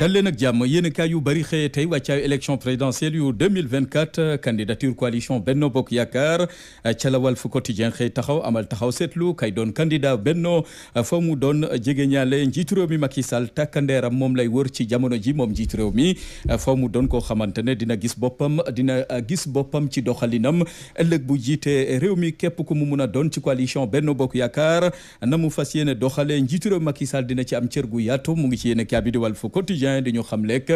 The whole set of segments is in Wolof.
dal leen ak jàmm yéen a kaay yu bëri xëye tey wàccaayu élection présidentielle yu 2024 candidature coalition Benno Bokk Yaakaar ca la Quotidien xëy taxaw amal taxaw seetlu kay doon candidat Benno fa mu doon jege ñaale njiitu réew mi Macky Sall takkandeeram moom lay wër ci jamono ji moom njiitu réew mi fa mu doon koo xamante ne dina gis boppam dina gis boppam ci doxalinam ëllëg bu jiite réew mi képp ku mu mun a doon ci coalition Benno Bokk Yaakaar na mu fas yéene doxale njiitu réew Macky Sall dina ci ci yéen a quotidien di ñu xam lekk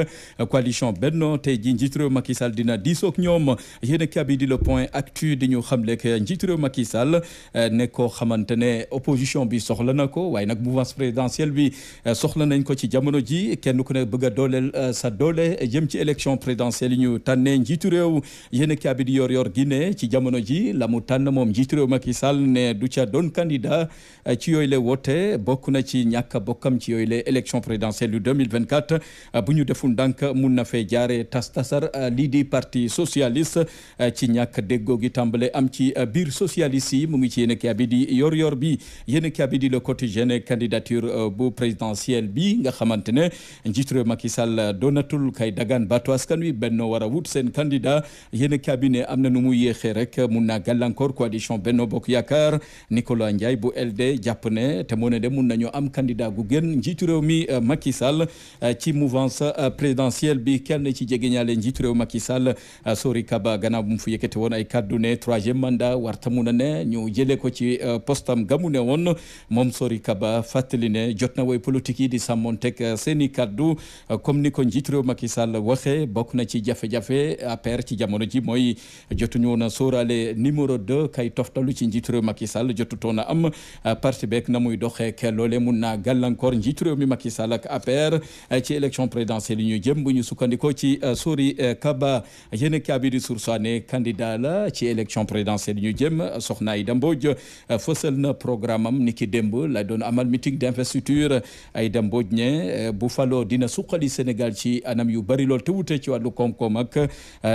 coalition Benno tey ji njiitu réew Macky dina diisoog ñoom yéen a kabi di le point actu di ñu xam lekk njiitu réew Macky Sall eh, ne ko xamante ne opposition bi soxla na ko waaye nag mouvance présidentielle bi eh, soxla nañ ko ci jamono ji kenn ku ne bëgg a dooleel eh, sa doole jëm ci élection présidentielle yi ñu tànnee njiitu réew yéen a kabi di yor yor Guinée ci jamono ji la mu tànn moom njiitu réew Macky Sall ne du ca doon candidat ci yooyu le woote bokk na ci ñàkk bokkam ci yooyu le élection présidentielle yu 2024 Euh, bu ñu deful ndànk mun na fee jaare tas tasar euh, lii di parti socialiste euh, ci ñàkk déggoo gi tàmbale am ci biir socialiste yi mu ngi ci yéen a bi di yor yor bi yéen a bi di le quotidien candidature bu présidentielle bi nga xamante ne njiitu réew Macky Sall doonatul kay dagaan baatu askan wi benno wut seen candidat yéen a cabinet am na nu mu yéexee rek mun naa gàllankoor coalition benno bokk yaakaar Nicolas Ndiaye bu LD jàpp ne te moo ne de mun nañoo am candidat gu gën njiitu réew mi Macky Sall mouvance euh, présidentielle bi kenn ci jegeñaale njiitu réew Macky Sall euh, Sori Kaba gannaaw bu mu fu yëkkate woon ay kaddu ne troisième mandat warta mun a ne ñu jëlee ko ci euh, postam gamu ne woon moom Sori Kaba fàttali ne jot na woy politique yi di sàmmonteeg seen i kaddu comme ni ko njiitu réew Macky Sall waxee bokk na ci jafe-jafe ci jamono ji mooy jotuñu woon a sóoraale numéro 2 kay toftalu ci njiitu réew Macky Sall jotutoon a am parti beeg na muy doxee loolee mun naa gàllankoor njiitu réew mi Macky élection présidentielle yi ñu jëm bu ñu sukkandikoo ci euh, Sori euh, Kaba yéen a di sursaane candidat la ci élection présidentielle yi ñu jëm Soxna Aïda Mbodj euh, fësal na programme am niki démb la doon amal meeting d'investiture ay Mbodj ne bu faloo dina suqali Sénégal ci anam yu bari lool te wute ci wàllu koom-koom ak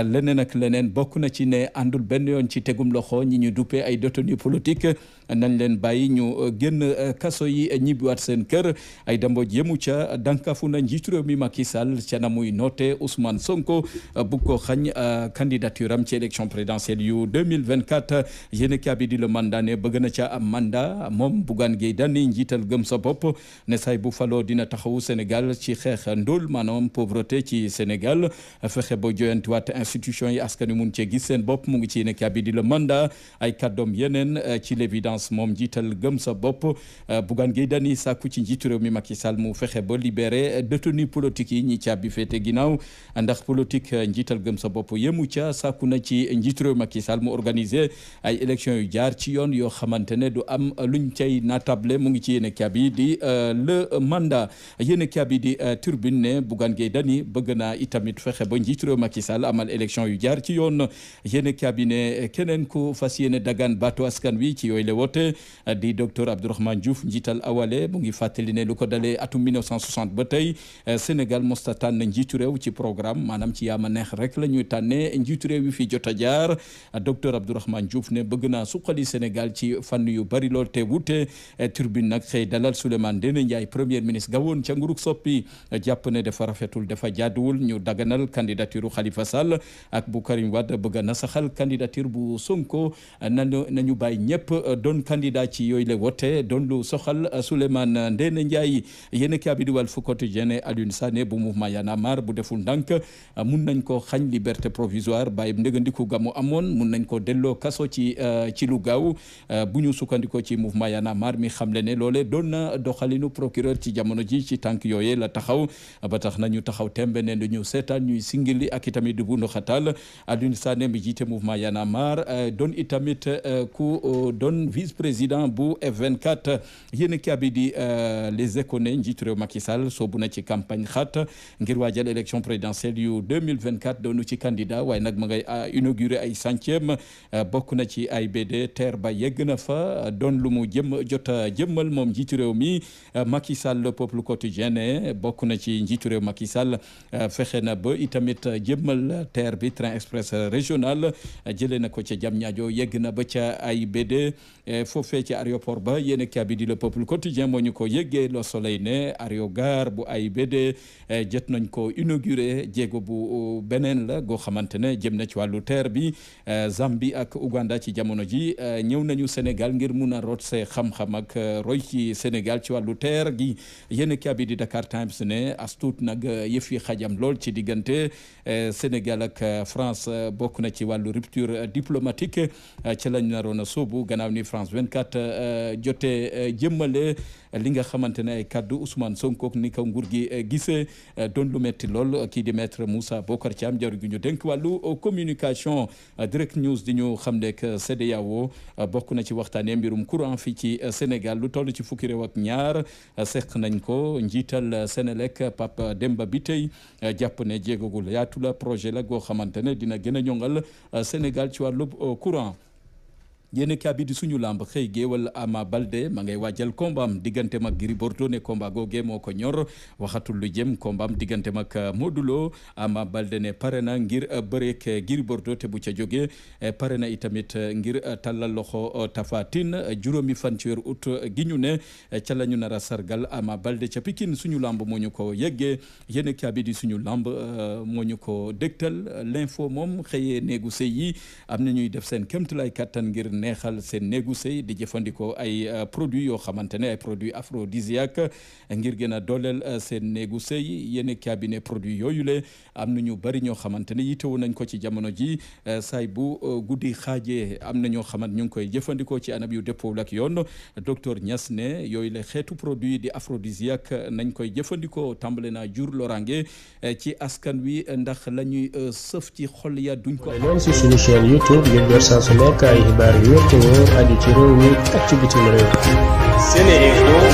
leneen ak leneen bokk na ci ne àndul benn yoon ci tegum loxo ñi ñu duppee ay détenus politique nañ leen bàyyi ñu génn kaso yi ñibbiwaat seen kër Aïda Mbodj yemu ca dankafu na njiitu njiitu réew mi Macky Sall ca na muy noté Ousmane Sonko bu ko xañ candidature am ci élection présidentielle yu 2024 yéen a bi di le mandat ne bëgg na ca am mandat moom Bougane Gueye Dany njiital gëm sa bopp ne say bu faloo dina taxawu Sénégal ci xeex ndóol maanaam pauvreté ci Sénégal fexe ba joyantiwaat institution yi askan wi mun cee gis seen bopp mu ngi ci yéen a bi di le mandat ay kàddoom yeneen euh, ci l'évidence moom njiital gëm sa bopp euh, Bougane Gueye Dany sàkku ci njiitu mi Macky mu fexe ba libéré euh, ni politique yi ñi caabi féete ginnaaw ndax politique eh, njiital gëm sa bopp mu ca sàkku na ci njiitu réew Macky Sall mu organiser ay élection yu jaar ci yoon yoo xamante ne du am luñ cay naatable mu ngi ci yéen a caabi di eh, le mandat yéen a caabi di eh, turbine ne Bougane Gueye bëgg naa itamit fexe ba njiitu réew Macky Sall amal élection yu jaar ci yoon yéen a caabi ne keneen ku fas yéene dagaan baatu askan wi ci yooyu la woote di docteur Abdourahmane Diouf njiital awale mu ngi fàttali ne lu ko dalee atum ba tey Euh, Sénégal mosta tànn njiitu réew ci programme maanaam ci yaama neex rek la ñuy tànnee njiitu réew yi fi jot a jaar docteur Abdourahmane Diouf ne bëgg naa suqali Sénégal ci fànn yu bari lool te wute euh, turbine nag xëy dalal Souleymane Ndéné Ndiaye premier ministre woon ca nguruk soppi euh, jàpp ne dafa rafetul dafa jaaduwul ñu daganal candidature Khalifa Sall ak bu Karim Wade bëgg a nasaxal candidature bu Sonko na nañu bàyyi ñëpp doon candidat ci yooyu la wote doon lu soxal Souleymane Ndéné Ndiaye yéen a kii Abidou Walf Quotidien Alioune Sané bu mouvement Y'en a marre bu deful ndànk mun nañ ko xañ liberté provisoire bàyyi ndëgandiku gamu amoon mun nañ ko delloo kaso ci euh, ci lu gaaw euh, bu ñu sukkandikoo ci mouvement Y'en a marre mi xam le ne loole doon na doxalinu procureur ci jamono ji ci tànk yooye la taxaw ba tax na ñu taxaw tembe ne ñu seetaan ñuy singili ak itamit bu ndoxatal Alioune Sané mi jiite mouvement Y'en a marre euh, doon itamit ku don vice président bu F24 yéen a di les école njiitu réew Macky Sall campagne xat ngir waajal élection présidentielle yu 2024 doonu ci candidat waaye nag ma ngay ah, inauguré ay centième ah, bokk na ci AIBD terre ba yegg na fa doon lu mu jëm jot a jëmmal moom njiitu réew mi ah, Macky Sall le peuple quotidien ne bokk na ci njiitu réew Macky Sall fexe na ba itamit jëmmal terre bi train express régional jëlee na ko ca Diamniadio yegg na ba ca AIBD eh, foofee ci aéroport ba yéen a kii bi di le peuple quotidien moo ñu ko yëggee le soleil ne aérogare bu AIBD boobee eh, jot nañ ko inauguré jéego bu beneen la goo xamante ne jëm na ci wàllu terre bi eh, Zambie ak Uganda ci jamono ji eh, ñëw nañu Sénégal ngir mu a root see xam-xam ak roy ci Sénégal ci wàllu terre gi yéen a di Dakar Times ne as nag yëf yi xajam lool ci diggante Sénégal ak France bokk na ci wàllu rupture diplomatique ci lañ naroon a sóobu gannaaw ni France 24 jotee jëmmale li nga xamante ne ay kaddu Ousmane Sonko ni ko nguur gi gise eh, doon lu metti lool eh, kii di maître Moussa Bocar Thiam jawriñ gi ñu dénk wàllu eh, communication direct news di ñu xam ne que CEDEAO bokk na ci waxtaanee mbirum courant fii ci Sénégal lu toll ci fukki réew ñaar seq nañ ko njiital Sénélec Pape Demba bi tey jàpp ne jéegagul yaatu la projet la goo xamante ne dina gën a ñoŋal Sénégal ci wàllu courant. yéen kaabi di suñu làmb xëy géewal Ama Balde ma ngay waajal kombaam digganteem mag Gris Bordeaux ne komba googe moo ko ñor waxatul lu jëm kombaam digganteem euh, ak Modou Lo Ama Balde ne pare na ngir euh, bëreek euh, Gris te bu ca jógee pare na itamit ngir tàllal loxo Tapha Tine fan ci weeru août gi ñu ne ca la ñu nar a sargal Ama Balde ca pikin suñu làmb moo ñu ko yeggee yéen kaabidi suñu làmb moo ñu ko dégtal l'info moom xëyee néegu sëy yi am na ñuy def seen kéemtalaay kattan ngir. neexal seen néegu sëy di jëfandikoo ay euh, produit yoo xamante ne ay produits aphrodisiaque ngir gën a dooleel euh, seen néegu sëy yenn cabinet produit yooyu le am na ñu bari ñoo xamante ne yiteewu nañ ko ci jamono ji euh, saay bu guddi xaajee am na ñoo xamant ñu ngi koy jëfandikoo ci anam yu dëppoo ak yoon docteur ñas ne yooyu le xeetu produit di aphrodisiaque nañ koy jëfandikoo tàmbale naa jur loraange ci askan wi ndax lañuy ñuy sëf ci xol ya duñ ko. ay xibaar yu wér te wóor aju ci réew mi ak ci bitim réew